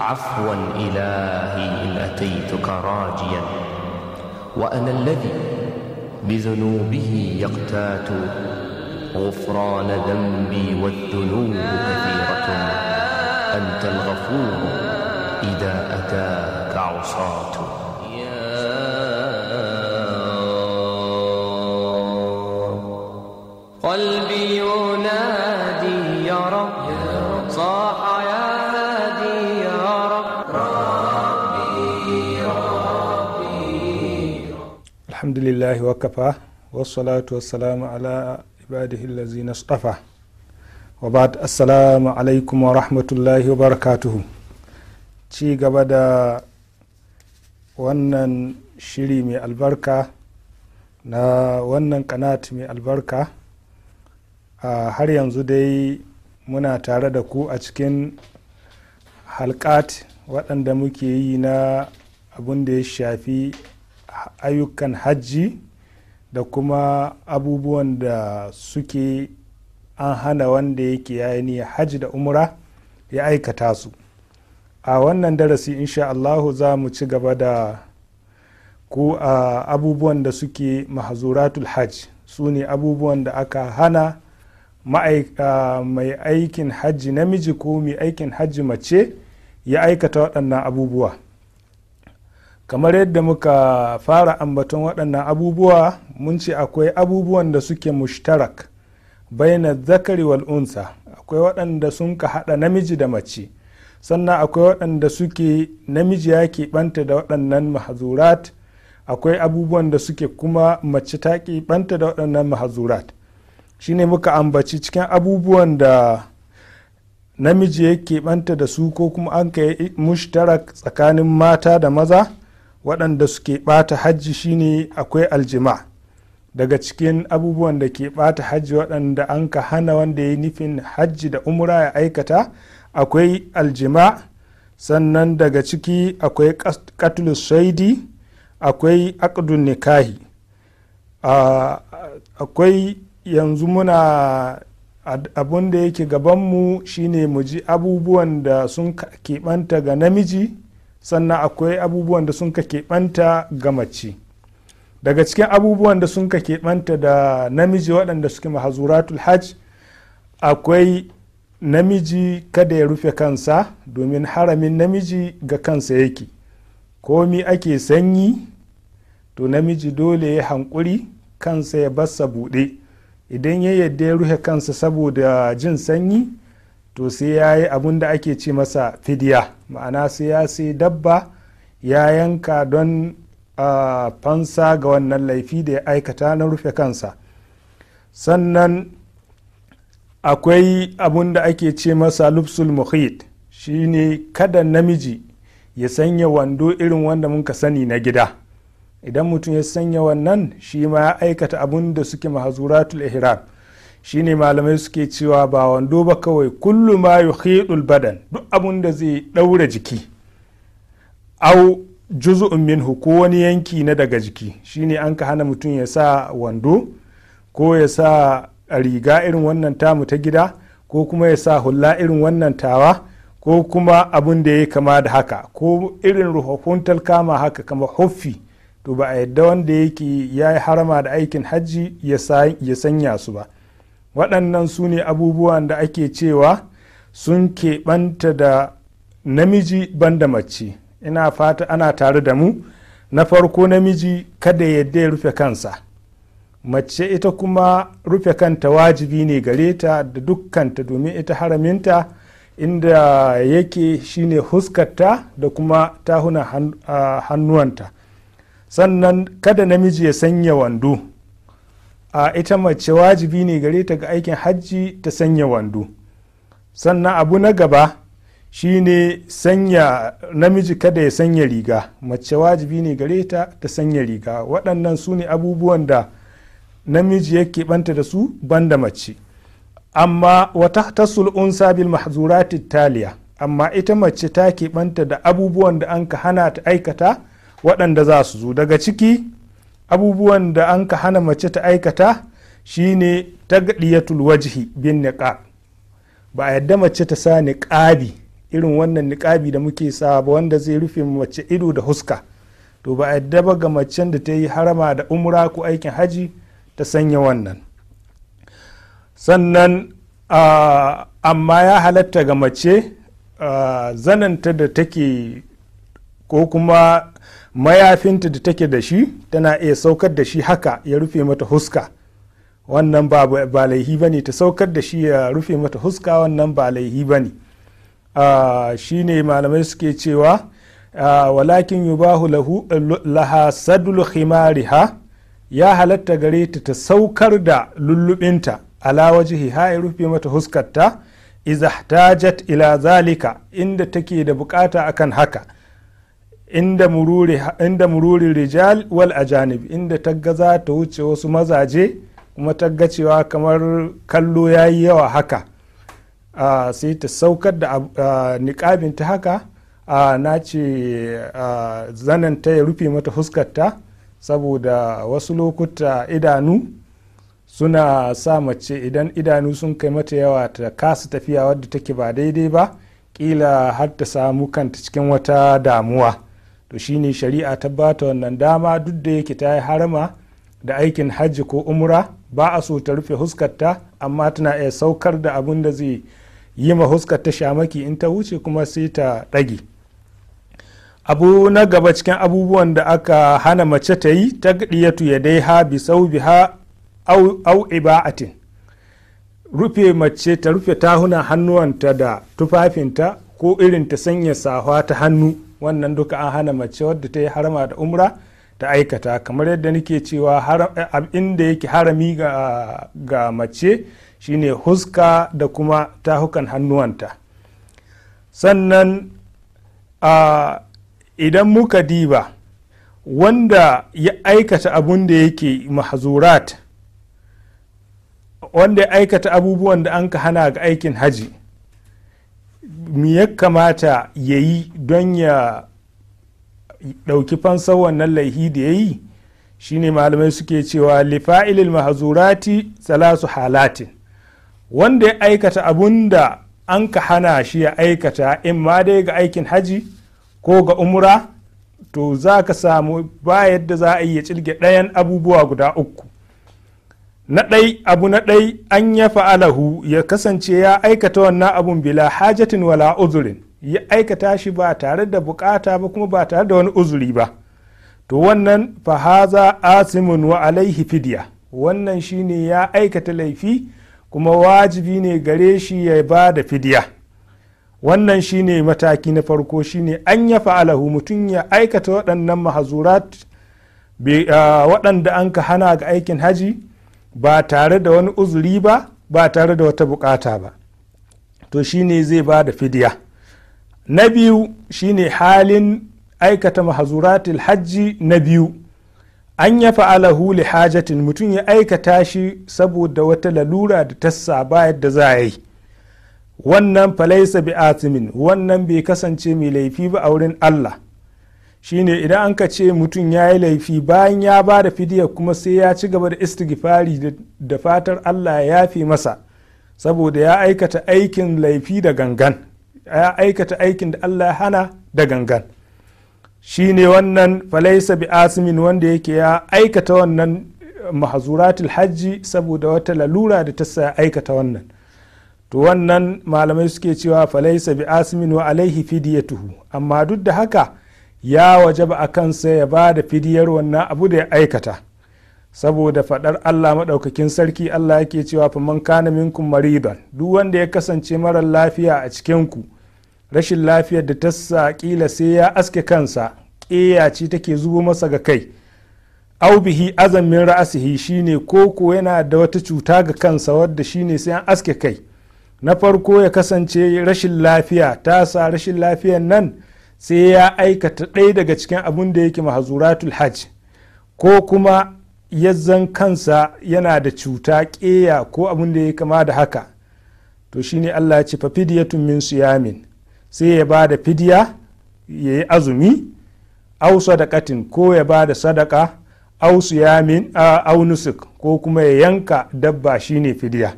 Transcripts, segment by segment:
عفوا إلهي إن أتيتك راجيا وأنا الذي بذنوبه يقتات غفران ذنبي والذنوب كثيرة أنت الغفور إذا أتاك عصاته alhamdulillahi wa kafa wassalatu wassalamu ala ibadihi allazina istafa wa ba'd assalamu alaikum wa rahmatullahi wa barakatuhu ci gaba da wannan shiri mai albarka na wannan kanat mai albarka a har yanzu dai muna tare da ku a cikin halkat waɗanda muke yi na abun da ya shafi ayyukan hajji da kuma abubuwan da suke an hana wanda yake yayi hajji da umra ya aikata su a wannan darasi insha Allahu za mu ci gaba da ku a abubuwan da suke mahazuratul hajj su ne abubuwan da aka hana mai aikin hajji namiji ko mai aikin hajji mace ya aikata waɗannan abubuwa kamar yadda muka fara ambaton waɗannan abubuwa mun ce akwai abubuwan da suke mushtarak baina zakari wal unsa akwai waɗanda sun ka haɗa namiji da mace sannan akwai waɗanda suke namiji ya keɓanta da waɗannan mahazurat akwai abubuwan da suke kuma mace ta keɓanta da waɗannan mahazurat shine muka ambaci cikin abubuwan da namiji ya keɓanta da su ko kuma an ka mushtarak tsakanin mata da maza waɗanda suke ɓata hajji shine akwai aljima daga cikin abubuwan da ke ɓata hajji waɗanda an ka hana wanda ya yi nufin hajji da umra ya aikata akwai aljima sannan daga ciki akwai katulus shaidi akwai akdun nikahi akwai yanzu muna abun da yake gabanmu shine mu ji abubuwan da sun keɓanta ga namiji sannan akwai abubuwan da sun ka keɓanta ga mace daga cikin abubuwan da sun ka keɓanta da namiji waɗanda suke mahazuratul hajj akwai namiji kada ya rufe kansa domin haramin namiji ga kansa yake komi ake sanyi to namiji dole ya hankuri kansa ya basa buɗe idan ya yadda ya rufe kansa saboda jin sanyi to sai ya yi abun da ake ce masa fidiya ma'ana sai ya sai dabba ya yanka don fansa ga wannan laifi da ya aikata na rufe kansa sannan akwai abun da ake ce masa luftul-muhid muhit ne kada namiji ya sanya wando irin wanda muka sani na gida idan mutum ya sanya wannan shi ma ya aikata abun da suke mahazuratul ihram shine malamai suke cewa ba wando ba kawai kullu ma yuhidul badan duk abun da zai daura jiki au juz'un minhu ko wani yanki na daga jiki shine an ka hana mutum ya sa wando ko ya sa riga irin wannan tamu ta gida ko kuma ya sa hulla irin wannan tawa ko kuma abun da ya kama da haka ko irin ruhakun talkama haka kama hoffi to ba a yadda wanda yake ya yi harama da aikin hajji ya sanya su ba waɗannan su ne abubuwan da ake cewa sun keɓanta da namiji banda mace ina fata ana tare da mu na farko namiji kada yadda ya rufe kansa mace ita kuma rufe kanta wajibi ne gare ta da dukkanta domin ita haraminta inda yake shine huskarta da kuma tahunan hannuwanta sannan kada namiji ya sanya wando a ita mace wajibi ne gare ta ga aikin hajji ta sanya wando sannan abu na gaba shine sanya namiji kada ya sanya riga mace wajibi ne gare ta ta sanya riga waɗannan su ne abubuwan da namiji yake banta da su banda mace amma wata tasul unsa bil mahzurati taliya amma ita mace ta banta da abubuwan da an ka hana ta aikata waɗanda za su zo daga ciki abubuwan da an ka hana mace ta aikata shine tagdiyatul wajhi bin niqab ba a yadda mace ta sa niƙabi irin wannan niƙabi da muke sa ba wanda zai rufe mace ido da huska to ba a yadda ba ga macen da ta yi harama da umra ko aikin haji ta sanya wannan sannan amma ya halatta ga mace zananta da take ko kuma mayafinta da take da shi tana iya saukar da shi haka ya rufe mata huska wannan ba laihi ba ne ta saukar da shi ya rufe mata huska wannan ba laihi ba ne ah, shi ne malamai suke cewa ah, walakin yubahu bahu laha sadul khimariha ya halatta gare ta ta saukar da lullubinta ala wajihi ha ya rufe mata huskarta izahtajat ila zalika inda take da bukata akan haka inda mururi rijal wal ajanib inda taggaza za ta wuce wasu mazaje kuma taggacewa kamar kallo yayi yawa haka sai ta saukar da ta haka na ce ta ya rufe mata fuskarta saboda wasu lokuta idanu suna sa mace idan idanu sun kai mata yawa ta kasa tafiya wadda take ba daidai ba kila har ta samu kanta cikin wata damuwa. to shine shari'a ta bata wannan dama duk da yake ta yi harama da aikin hajji ko umra ba a so ta rufe huskarta amma tana iya saukar da abin da zai yi ma huskar ta shamaki in ta wuce kuma sai ta ɗage abu na gaba cikin abubuwan da aka hana mace ta yi ta gaɗiyatu ya dai ha bi sau bi ha au iba'atin rufe mace ta rufe tahunan hannuwanta da tufafinta ko irin ta sanya safa ta hannu wannan duka an hana mace wadda ta yi harama da umra ta aikata kamar yadda nake cewa inda yake harami ga mace shine huska da kuma tahukan hannuwanta sannan idan muka diba wanda ya aikata abun da yake mahazurat wanda ya aikata abubuwan da an ka hana ga aikin haji me ya kamata ya yi don ya ɗauki fansar wannan laihi da ya yi shine malamai suke cewa lifa'ilil mahazurati salasu halatin wanda ya aikata abun da an ka hana shi ya aikata in ma dai ga aikin haji ko ga umura to za ka samu ba yadda za a ya cilge ɗayan abubuwa guda uku na ɗai abu na ɗai an ya fa'alahu ya kasance ya aikata wannan abun bila hajatin wala uzurin ya aikata shi ba tare da bukata ba kuma ba tare da wani uzuri ba to wannan fahaza asimun wa alaihi fidya wannan shine ya aikata laifi kuma wajibi ne gare shi ya ba da fidya wannan shine mataki na farko shine an ya fa'alahu mutum ya aikata waɗannan mahazurat ah, waɗanda an ka hana ga aikin haji ba tare da wani uzuri ba ba tare da wata bukata ba to shine zai ba da fidya na biyu shine halin aikata mahazuratul hajji na biyu an ya fa'ala huli hajatin mutum ya aikata shi saboda wata lalura da tassa ba yadda za a yi wannan falaisa bi atimin wannan bai kasance mai laifi ba a wurin allah shine idan an ka ce mutum ya yi laifi bayan ya ba da fidiya kuma sai ya ci gaba da istighfari da fatar allah ya yafe masa saboda ya aikata aikin laifi da gangan ya aikata aikin da allah ya hana da gangan shine wannan falaisa bi asimin wanda yake ya aikata wannan eh, mahazuratul hajji saboda wata lalura da ta sa aikata wannan to wannan malamai suke cewa falaisa bi asimin wa alaihi fidiyatuhu amma duk da haka ya wajaba a kansa ya ba da fidiyar wannan abu da ya aikata saboda faɗar allah maɗaukakin sarki allah yake cewa faman kana minkum maridan duk wanda ya kasance marar lafiya a cikinku rashin lafiyar da ta sa ƙila sai ya aske kansa ƙeya ce take zubo masa ga kai au bihi azamin ra'asihi shine koko yana da wata cuta ga kansa wadda shine sai an aske kai na farko ya kasance rashin lafiya ta sa rashin lafiyar nan sai ya aikata ɗaya daga cikin abun da yake mahazuratul hajj ko kuma yazzan kansa yana da cuta ƙeya ko abin da ya kama da haka to shine Allah ya ce fa fidyatun min siyamin sai ya ba da fidiya ya yi azumi au sadakatin ko ya ba da sadaka au siyamin au nusuk ko kuma ya yanka dabba shine fidiya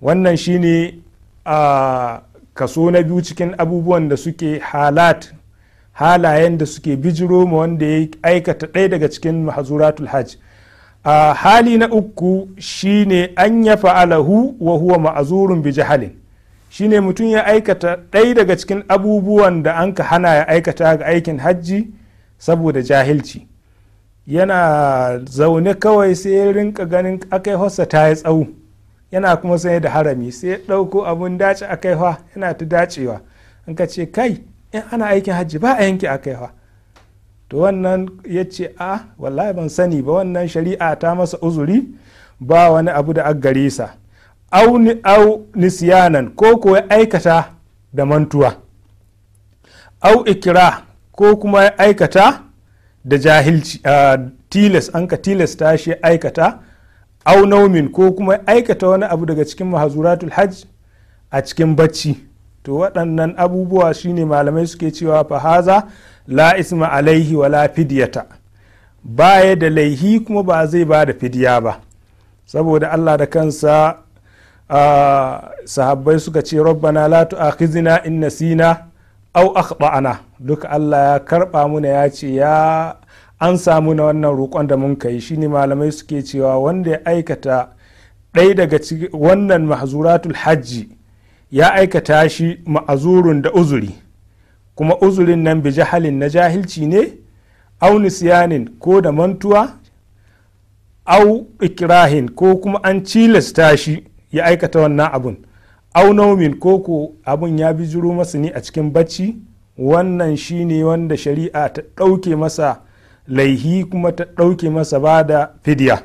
wannan shine a kaso na biyu cikin abubuwan da suke halat halayen da suke bijiro ma wanda ya aikata ɗaya daga cikin mahazuratul hajj a hali na uku shine an ya fa'alahu wa huwa ma'azurun bi jahalin shine mutum ya aikata ɗaya daga cikin abubuwan da an ka hana ya aikata ga aikin hajji saboda jahilci yana zaune kawai sai ya rinka ganin akai hossa ta yi tsawo yana kuma sanye da harami sai ya ɗauko abun dace a kaiwa yana ta dacewa in ka ce kai in ana aikin hajji ba a yanke a kaiwa to wannan ya ce a wallahi ban sani ba wannan shari'a ta masa uzuri ba wani abu da aggare sa au nisyanan ko ko ya aikata da mantuwa au ikira ko kuma ya aikata da jahilci tilas an ka tilasta shi aikata au naumin ko kuma aikata wani abu daga cikin mahazuratul hajj a cikin bacci to waɗannan abubuwa shine malamai suke cewa fahaza la isma alaihi wala fidyata baya da laihi kuma ba zai ba da fidiya ba saboda allah da kansa sahabbai suka ce rabbana la tu'akhizna in nasina au akhtana duka allah ya karba mana ya ce ya an samu na wannan roƙon da mun kai shine malamai suke cewa wanda ya aikata ɗaya daga wannan mahzuratul hajji ya aikata shi ma'azurun da uzuri kuma uzurin nan bi jahalin na jahilci ne au nisyanin ko da mantuwa au ikirahin ko kuma an cilasta shi ya aikata wannan abun au naumin ko ko abun ya bijiro masa ne a cikin bacci wannan shine wanda shari'a ta ɗauke masa laihi kuma ta ɗauke masa ba da fidiya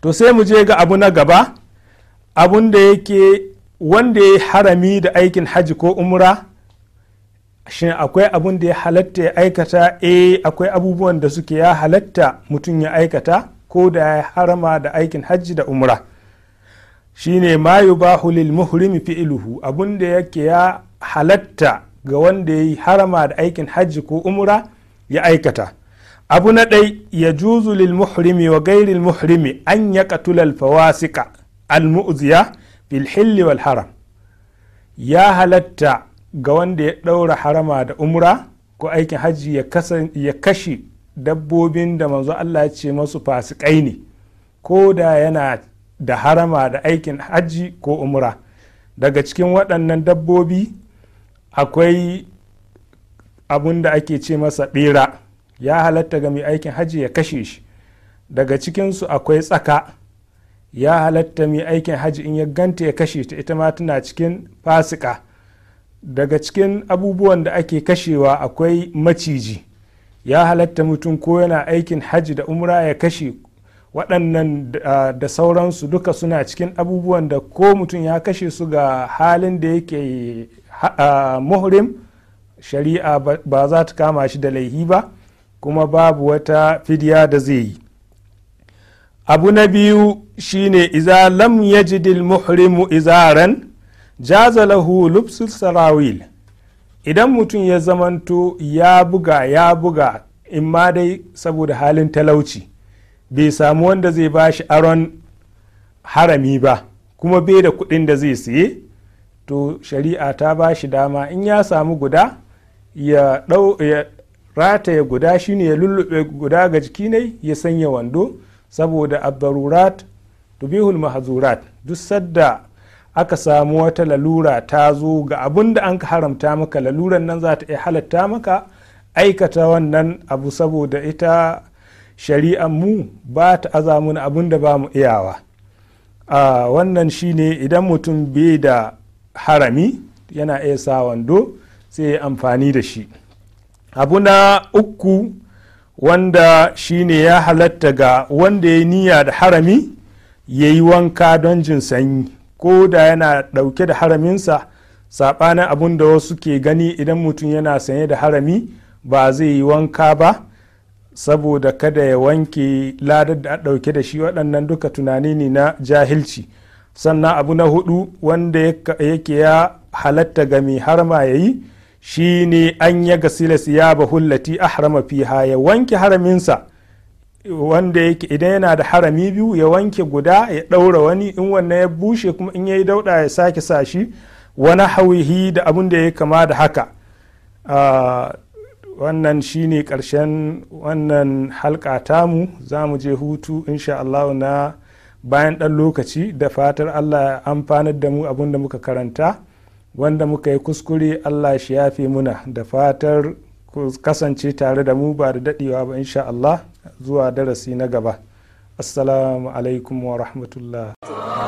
to sai mu je ga abu na gaba abun da yake wanda ya harami da aikin hajji ko umra shin akwai abun da ya halatta ya aikata eh akwai abubuwan da suke ya halatta mutum ya aikata ko da ya harama da aikin hajji da umra shine ma yubahu lil muhrimi fi'luhu abun da yake ya halatta ga wanda ya harama da aikin hajji ko umra ya aikata abu na ɗai ya juzu lil muhrimi wa gairil muhrimi an ya katula alfawasika al fil hilli wal haram ya halatta ga wanda ya ɗaura harama da umra ko aikin hajji ya kashe dabbobin da manzo Allah ya ce masu fasikai ne ko da yana da harama da aikin hajji ko umra daga cikin waɗannan dabbobi akwai abun da ake ce masa bera ya halatta ga mai aikin hajji ya kashe shi daga cikinsu akwai tsaka ya halatta mai aikin hajji in ya ganta ya kashe ta ita ma tana cikin fasika daga cikin abubuwan da ake kashewa akwai maciji ya halatta mutum ko yana aikin hajji da umra ya kashe waɗannan da sauransu duka suna cikin abubuwan da ko mutum ya kashe su ga halin da yake muhrim shari'a ba za ta kama shi da laihi ba kuma babu wata fidya da zai yi abu na biyu shine iza lam yajidil muhrimu izaran jaza lahu lubsul sarawil idan mutum ya zamanto ya buga ya buga in ma dai saboda halin talauci bai samu wanda zai ba shi aron harami ba kuma bai da kuɗin da zai siye to shari'a ta ba shi dama in ya samu guda ya ya guda shine ya lullube guda ga jiki ne ya sanya wando saboda abdarurat tubihul mahzurat duk sadda aka samu wata lalura ta zo ga abun da an haramta maka laluran nan za ta iya halatta maka aikata wannan abu saboda ita shari'an mu ba ta azamun abun da ba mu iyawa wannan shine idan mutum bai da harami yana iya sa wando sai ya amfani da shi abu na uku wanda shine ya halatta ga wanda ya niyya da harami ya yi wanka don jin sanyi ko da yana dauke da haraminsa saɓanin abun da wasu ke gani idan mutum yana sanye da harami ba zai yi wanka ba saboda kada ya wanke ladar da a ɗauke da shi waɗannan duka tunani ne na jahilci sannan abu na hudu wanda yake ya halatta ga mai harama ya yi shi ne an ya gasila siyaba hullati ahrama fiha ya wanke haraminsa wanda yake idan yana da harami biyu ya wanke guda ya ɗaura wani in wannan ya bushe kuma in yayi dauɗa ya sake sa shi wani hawihi da abin da ya kama da haka ah, wannan shi ne ƙarshen wannan halka tamu za mu je hutu insha Allah na bayan ɗan lokaci da fatar Allah ya amfanar da mu abin da muka karanta wanda muka yi kuskure allah shi ya fi muna da fatar kasance tare da mu ba da dadewa ba insha Allah zuwa darasi na gaba assalamu alaikum wa rahmatullah